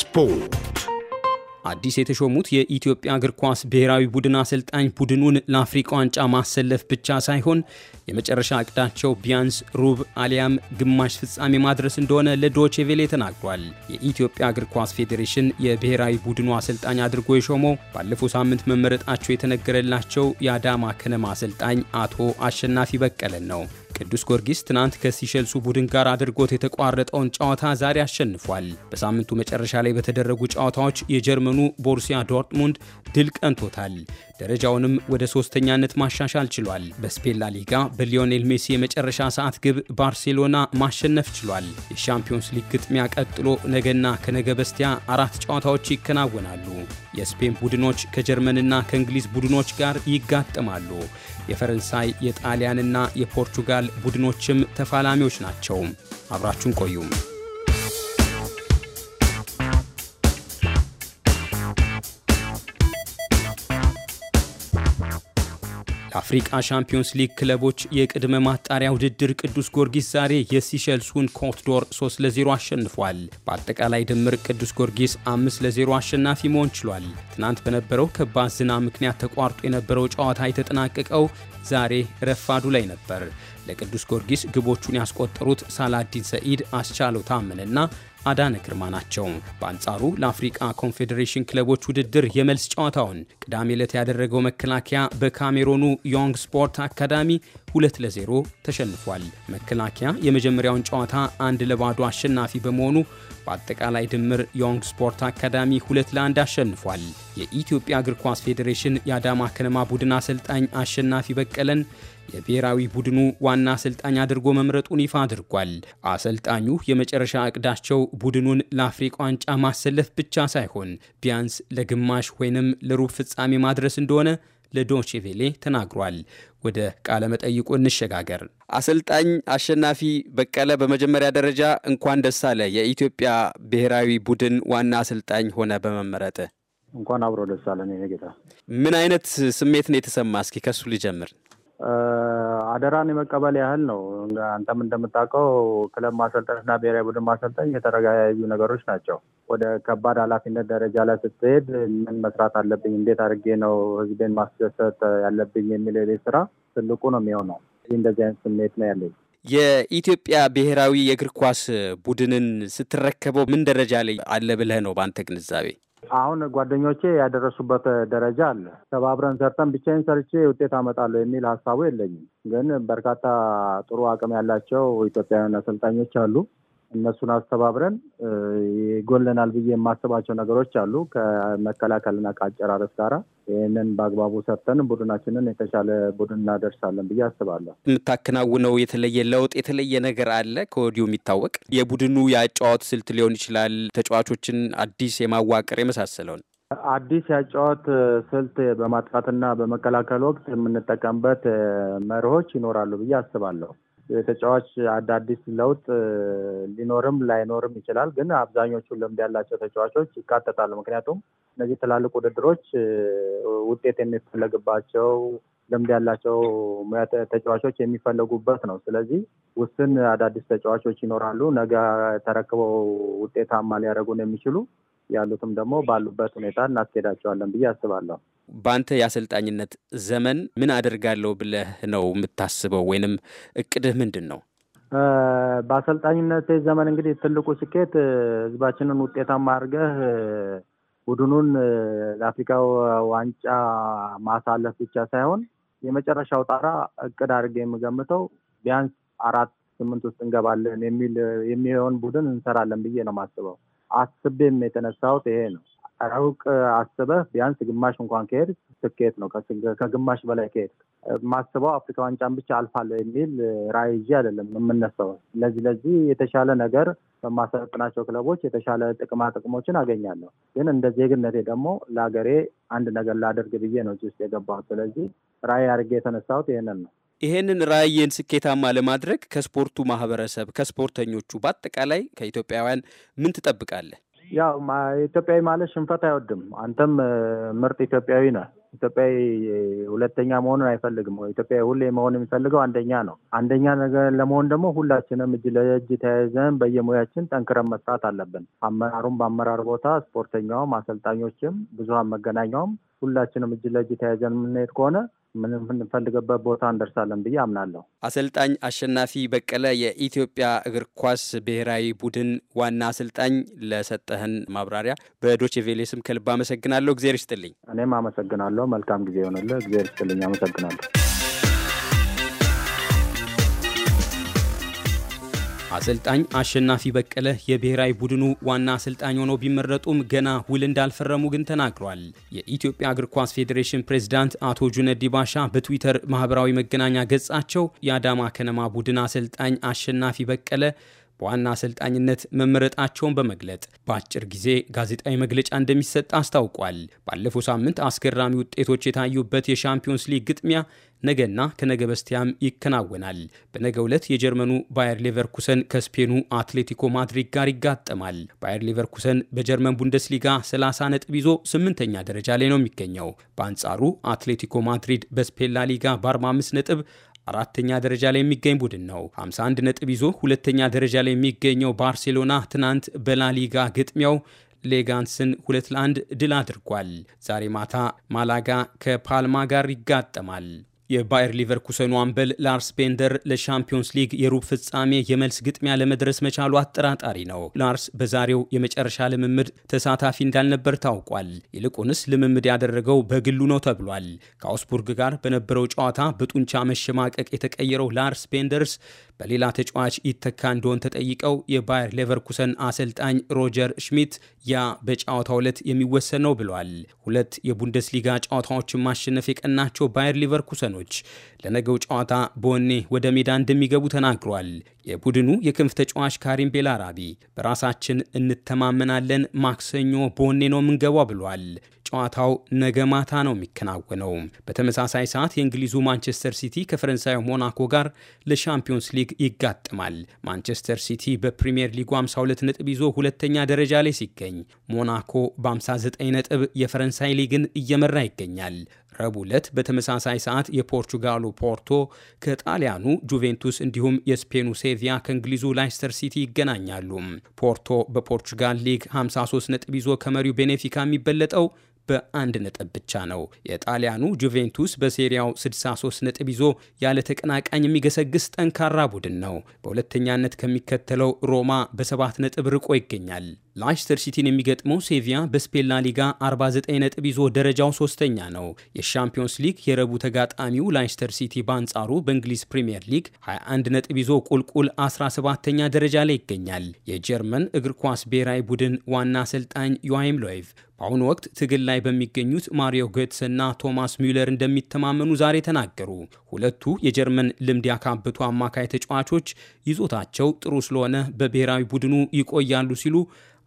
ስፖርት አዲስ የተሾሙት የኢትዮጵያ እግር ኳስ ብሔራዊ ቡድን አሰልጣኝ ቡድኑን ለአፍሪቃ ዋንጫ ማሰለፍ ብቻ ሳይሆን የመጨረሻ እቅዳቸው ቢያንስ ሩብ አሊያም ግማሽ ፍጻሜ ማድረስ እንደሆነ ለዶቼ ቬሌ ተናግሯል። የኢትዮጵያ እግር ኳስ ፌዴሬሽን የብሔራዊ ቡድኑ አሰልጣኝ አድርጎ የሾመው ባለፈው ሳምንት መመረጣቸው የተነገረላቸው የአዳማ ከነማ አሰልጣኝ አቶ አሸናፊ በቀለን ነው። ቅዱስ ጊዮርጊስ ትናንት ከሲሸልሱ ቡድን ጋር አድርጎት የተቋረጠውን ጨዋታ ዛሬ አሸንፏል። በሳምንቱ መጨረሻ ላይ በተደረጉ ጨዋታዎች የጀርመኑ ቦሩሲያ ዶርትሙንድ ድል ቀንቶታል። ደረጃውንም ወደ ሶስተኛነት ማሻሻል ችሏል። በስፔን ላሊጋ በሊዮኔል ሜሲ የመጨረሻ ሰዓት ግብ ባርሴሎና ማሸነፍ ችሏል። የሻምፒዮንስ ሊግ ግጥሚያ ቀጥሎ ነገና ከነገ በስቲያ አራት ጨዋታዎች ይከናወናሉ። የስፔን ቡድኖች ከጀርመንና ከእንግሊዝ ቡድኖች ጋር ይጋጠማሉ። የፈረንሳይ የጣሊያንና የፖርቱጋል ቡድኖችም ተፋላሚዎች ናቸው። አብራችሁን ቆዩም የአፍሪቃ ሻምፒዮንስ ሊግ ክለቦች የቅድመ ማጣሪያ ውድድር ቅዱስ ጊዮርጊስ ዛሬ የሲሸልሱን ኮትዶር 3 ለ0 አሸንፏል። በአጠቃላይ ድምር ቅዱስ ጊዮርጊስ 5 ለ0 አሸናፊ መሆን ችሏል። ትናንት በነበረው ከባድ ዝናብ ምክንያት ተቋርጦ የነበረው ጨዋታ የተጠናቀቀው ዛሬ ረፋዱ ላይ ነበር። ለቅዱስ ጊዮርጊስ ግቦቹን ያስቆጠሩት ሳላዲን ሰኢድ፣ አስቻለው ታምንና አዳነ ግርማ ናቸው። በአንጻሩ ለአፍሪቃ ኮንፌዴሬሽን ክለቦች ውድድር የመልስ ጨዋታውን ቅዳሜ ዕለት ያደረገው መከላከያ በካሜሮኑ ዮንግ ስፖርት አካዳሚ ሁለት ለዜሮ ተሸንፏል። መከላከያ የመጀመሪያውን ጨዋታ አንድ ለባዶ አሸናፊ በመሆኑ በአጠቃላይ ድምር ዮንግ ስፖርት አካዳሚ ሁለት ለአንድ አሸንፏል። የኢትዮጵያ እግር ኳስ ፌዴሬሽን የአዳማ ከነማ ቡድን አሰልጣኝ አሸናፊ በቀለን የብሔራዊ ቡድኑ ዋና አሰልጣኝ አድርጎ መምረጡን ይፋ አድርጓል። አሰልጣኙ የመጨረሻ እቅዳቸው ቡድኑን ለአፍሪቃ ዋንጫ ማሰለፍ ብቻ ሳይሆን ቢያንስ ለግማሽ ወይንም ለሩብ ፍጻሜ ማድረስ እንደሆነ ለዶቼቬሌ ተናግሯል። ወደ ቃለ መጠይቁ እንሸጋገር። አሰልጣኝ አሸናፊ በቀለ በመጀመሪያ ደረጃ እንኳን ደስ አለ የኢትዮጵያ ብሔራዊ ቡድን ዋና አሰልጣኝ ሆነ በመመረጥ እንኳን አብሮ ደስ አለ። ጌታ ምን አይነት ስሜት ነው የተሰማ? እስኪ ከሱ ልጀምር። አደራን የመቀበል ያህል ነው። አንተም እንደምታውቀው ክለብ ማሰልጠን እና ብሔራዊ ቡድን ማሰልጠን የተለያዩ ነገሮች ናቸው። ወደ ከባድ ኃላፊነት ደረጃ ላይ ስትሄድ ምን መስራት አለብኝ፣ እንዴት አድርጌ ነው ህዝቤን ማስደሰት ያለብኝ የሚል የቤት ስራ ትልቁ ነው የሚሆነው። እንደዚህ አይነት ስሜት ነው ያለኝ። የኢትዮጵያ ብሔራዊ የእግር ኳስ ቡድንን ስትረከበው ምን ደረጃ ላይ አለ ብለህ ነው በአንተ ግንዛቤ? አሁን ጓደኞቼ ያደረሱበት ደረጃ አለ። ተባብረን ሰርተን ብቻዬን ሰርቼ ውጤት አመጣለሁ የሚል ሀሳቡ የለኝም። ግን በርካታ ጥሩ አቅም ያላቸው ኢትዮጵያውያን አሰልጣኞች አሉ። እነሱን አስተባብረን ይጎለናል ብዬ የማስባቸው ነገሮች አሉ። ከመከላከልና ከአጨራረስ ጋራ ይህንን በአግባቡ ሰርተን ቡድናችንን የተሻለ ቡድን እናደርሳለን ብዬ አስባለሁ። የምታከናውነው የተለየ ለውጥ የተለየ ነገር አለ ከወዲሁ የሚታወቅ የቡድኑ የአጨዋወት ስልት ሊሆን ይችላል፣ ተጫዋቾችን አዲስ የማዋቀር የመሳሰለውን አዲስ ያጫወት ስልት በማጥቃትና በመከላከል ወቅት የምንጠቀምበት መርሆች ይኖራሉ ብዬ አስባለሁ። ተጫዋች አዳዲስ ለውጥ ሊኖርም ላይኖርም ይችላል። ግን አብዛኞቹ ልምድ ያላቸው ተጫዋቾች ይካተታሉ። ምክንያቱም እነዚህ ትላልቅ ውድድሮች ውጤት የሚፈለግባቸው ልምድ ያላቸው ተጫዋቾች የሚፈለጉበት ነው። ስለዚህ ውስን አዳዲስ ተጫዋቾች ይኖራሉ። ነገ ተረክበው ውጤታማ ሊያደርጉን የሚችሉ ያሉትም ደግሞ ባሉበት ሁኔታ እናስኬዳቸዋለን ብዬ አስባለሁ። በአንተ የአሰልጣኝነት ዘመን ምን አደርጋለሁ ብለህ ነው የምታስበው ወይንም እቅድህ ምንድን ነው? በአሰልጣኝነት ዘመን እንግዲህ ትልቁ ስኬት ህዝባችንን ውጤታማ አድርገህ ቡድኑን ለአፍሪካ ዋንጫ ማሳለፍ ብቻ ሳይሆን የመጨረሻው ጣራ እቅድ አድርጌ የምገምተው ቢያንስ አራት ስምንት ውስጥ እንገባለን የሚል የሚሆን ቡድን እንሰራለን ብዬ ነው የማስበው። አስቤም የተነሳሁት ይሄ ነው። ሩቅ አስበህ ቢያንስ ግማሽ እንኳን ከሄድ ስኬት ነው። ከግማሽ በላይ ከሄድ ማስበው አፍሪካ ዋንጫን ብቻ አልፋለሁ የሚል ራዕይ ይዤ አይደለም የምነሳው። ለዚህ ለዚህ የተሻለ ነገር በማሰለጥናቸው ክለቦች የተሻለ ጥቅማ ጥቅሞችን አገኛለሁ። ግን እንደ ዜግነቴ ደግሞ ለሀገሬ አንድ ነገር ላደርግ ብዬ ነው ውስጥ የገባሁት። ስለዚህ ራዕይ አድርጌ የተነሳሁት ይህንን ነው። ይሄንን ራዕይን ስኬታማ ለማድረግ ከስፖርቱ ማህበረሰብ፣ ከስፖርተኞቹ፣ በአጠቃላይ ከኢትዮጵያውያን ምን ትጠብቃለህ? ያው ኢትዮጵያዊ ማለት ሽንፈት አይወድም። አንተም ምርጥ ኢትዮጵያዊ ነህ። ኢትዮጵያዊ ሁለተኛ መሆኑን አይፈልግም። ኢትዮጵያዊ ሁሌ መሆን የሚፈልገው አንደኛ ነው። አንደኛ ነገር ለመሆን ደግሞ ሁላችንም እጅ ለእጅ ተያይዘን በየሙያችን ጠንክረን መስራት አለብን። አመራሩም በአመራር ቦታ፣ ስፖርተኛውም፣ አሰልጣኞችም፣ ብዙሀን መገናኛውም ሁላችንም እጅ ለእጅ ተያይዘን የምንሄድ ከሆነ ምንፈልገበት ቦታ እንደርሳለን ብዬ አምናለሁ። አሰልጣኝ አሸናፊ በቀለ የኢትዮጵያ እግር ኳስ ብሔራዊ ቡድን ዋና አሰልጣኝ ለሰጠህን ማብራሪያ በዶቼ ቬሌ ስም ከልብ አመሰግናለሁ። እግዜር ይስጥልኝ። እኔም አመሰግናለሁ። መልካም ጊዜ ይሆንልህ። እግዜር ይስጥልኝ። አመሰግናለሁ። አሰልጣኝ አሸናፊ በቀለ የብሔራዊ ቡድኑ ዋና አሰልጣኝ ሆኖ ቢመረጡም ገና ውል እንዳልፈረሙ ግን ተናግሯል። የኢትዮጵያ እግር ኳስ ፌዴሬሽን ፕሬዝዳንት አቶ ጁነዲ ባሻ በትዊተር ማህበራዊ መገናኛ ገጻቸው የአዳማ ከነማ ቡድን አሰልጣኝ አሸናፊ በቀለ በዋና አሰልጣኝነት መመረጣቸውን በመግለጥ በአጭር ጊዜ ጋዜጣዊ መግለጫ እንደሚሰጥ አስታውቋል። ባለፈው ሳምንት አስገራሚ ውጤቶች የታዩበት የሻምፒዮንስ ሊግ ግጥሚያ ነገና ከነገ በስቲያም ይከናወናል። በነገ ዕለት የጀርመኑ ባየር ሌቨርኩሰን ከስፔኑ አትሌቲኮ ማድሪድ ጋር ይጋጠማል። ባየር ሌቨርኩሰን በጀርመን ቡንደስሊጋ 30 ነጥብ ይዞ ስምንተኛ ደረጃ ላይ ነው የሚገኘው። በአንጻሩ አትሌቲኮ ማድሪድ በስፔን ላሊጋ ሊጋ በ45 ነጥብ አራተኛ ደረጃ ላይ የሚገኝ ቡድን ነው። 51 ነጥብ ይዞ ሁለተኛ ደረጃ ላይ የሚገኘው ባርሴሎና ትናንት በላሊጋ ግጥሚያው ሌጋንስን ሁለት ለአንድ ድል አድርጓል። ዛሬ ማታ ማላጋ ከፓልማ ጋር ይጋጠማል። የባየር ሊቨርኩሰኑ አምበል ላርስ ቤንደር ለሻምፒዮንስ ሊግ የሩብ ፍጻሜ የመልስ ግጥሚያ ለመድረስ መቻሉ አጠራጣሪ ነው። ላርስ በዛሬው የመጨረሻ ልምምድ ተሳታፊ እንዳልነበር ታውቋል። ይልቁንስ ልምምድ ያደረገው በግሉ ነው ተብሏል። ከአውስቡርግ ጋር በነበረው ጨዋታ በጡንቻ መሸማቀቅ የተቀየረው ላርስ ቤንደርስ በሌላ ተጫዋች ይተካ እንደሆን ተጠይቀው የባየር ሌቨርኩሰን አሰልጣኝ ሮጀር ሽሚት ያ በጨዋታው ዕለት የሚወሰን ነው ብሏል። ሁለት የቡንደስሊጋ ጨዋታዎችን ማሸነፍ የቀናቸው ባየር ሌቨርኩሰኖች ለነገው ጨዋታ በወኔ ወደ ሜዳ እንደሚገቡ ተናግሯል። የቡድኑ የክንፍ ተጫዋች ካሪም ቤላራቢ በራሳችን እንተማመናለን፣ ማክሰኞ በወኔ ነው የምንገባው ብሏል። ጨዋታው ነገ ማታ ነው የሚከናወነው። በተመሳሳይ ሰዓት የእንግሊዙ ማንቸስተር ሲቲ ከፈረንሳዩ ሞናኮ ጋር ለሻምፒዮንስ ሊግ ይጋጥማል። ማንቸስተር ሲቲ በፕሪምየር ሊጉ 52 ነጥብ ይዞ ሁለተኛ ደረጃ ላይ ሲገኝ፣ ሞናኮ በ59 ነጥብ የፈረንሳይ ሊግን እየመራ ይገኛል። ረቡዕ ዕለት በተመሳሳይ ሰዓት የፖርቹጋሉ ፖርቶ ከጣሊያኑ ጁቬንቱስ እንዲሁም የስፔኑ ሴቪያ ከእንግሊዙ ላይስተር ሲቲ ይገናኛሉ። ፖርቶ በፖርቹጋል ሊግ 53 ነጥብ ይዞ ከመሪው ቤኔፊካ የሚበለጠው በአንድ ነጥብ ብቻ ነው። የጣሊያኑ ጁቬንቱስ በሴሪያው 63 ነጥብ ይዞ ያለ ተቀናቃኝ የሚገሰግስ ጠንካራ ቡድን ነው። በሁለተኛነት ከሚከተለው ሮማ በሰባት ነጥብ ርቆ ይገኛል። ላይስተር ሲቲን የሚገጥመው ሴቪያ በስፔን ላ ሊጋ 49 ነጥብ ይዞ ደረጃው ሶስተኛ ነው። የሻምፒዮንስ ሊግ የረቡ ተጋጣሚው ላይስተር ሲቲ በአንጻሩ በእንግሊዝ ፕሪምየር ሊግ 21 ነጥብ ይዞ ቁልቁል 17ተኛ ደረጃ ላይ ይገኛል። የጀርመን እግር ኳስ ብሔራዊ ቡድን ዋና አሰልጣኝ ዮይም ሎይቭ በአሁኑ ወቅት ትግል ላይ በሚገኙት ማሪዮ ጎትስ እና ቶማስ ሚለር እንደሚተማመኑ ዛሬ ተናገሩ። ሁለቱ የጀርመን ልምድ ያካበቱ አማካይ ተጫዋቾች ይዞታቸው ጥሩ ስለሆነ በብሔራዊ ቡድኑ ይቆያሉ ሲሉ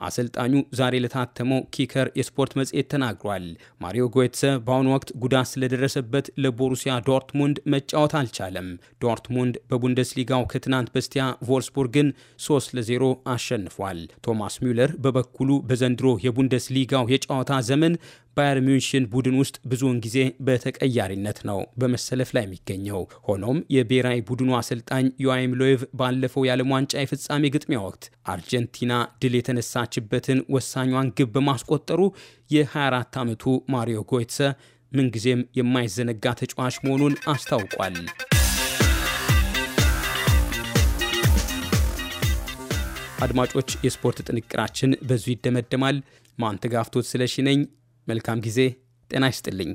አሰልጣኙ ዛሬ ለታተመው ኪከር የስፖርት መጽሔት ተናግሯል። ማሪዮ ጎትሰ በአሁኑ ወቅት ጉዳት ስለደረሰበት ለቦሩሲያ ዶርትሙንድ መጫወት አልቻለም። ዶርትሙንድ በቡንደስሊጋው ከትናንት በስቲያ ቮልስቡርግን 3 ለ0 አሸንፏል። ቶማስ ሚውለር በበኩሉ በዘንድሮ የቡንደስሊጋው የጨዋታ ዘመን ባየር ሚንሽን ቡድን ውስጥ ብዙውን ጊዜ በተቀያሪነት ነው በመሰለፍ ላይ የሚገኘው። ሆኖም የብሔራዊ ቡድኑ አሰልጣኝ ዮአይም ሎይቭ ባለፈው የዓለም ዋንጫ የፍጻሜ ግጥሚያ ወቅት አርጀንቲና ድል የተነሳችበትን ወሳኟን ግብ በማስቆጠሩ የ24 ዓመቱ ማሪዮ ጎይትሰ ምንጊዜም የማይዘነጋ ተጫዋች መሆኑን አስታውቋል። አድማጮች፣ የስፖርት ጥንቅራችን በዙ ይደመደማል። ማንተጋፍቶት ስለሺ ነኝ። መልካም ጊዜ። ጤና ይስጥልኝ።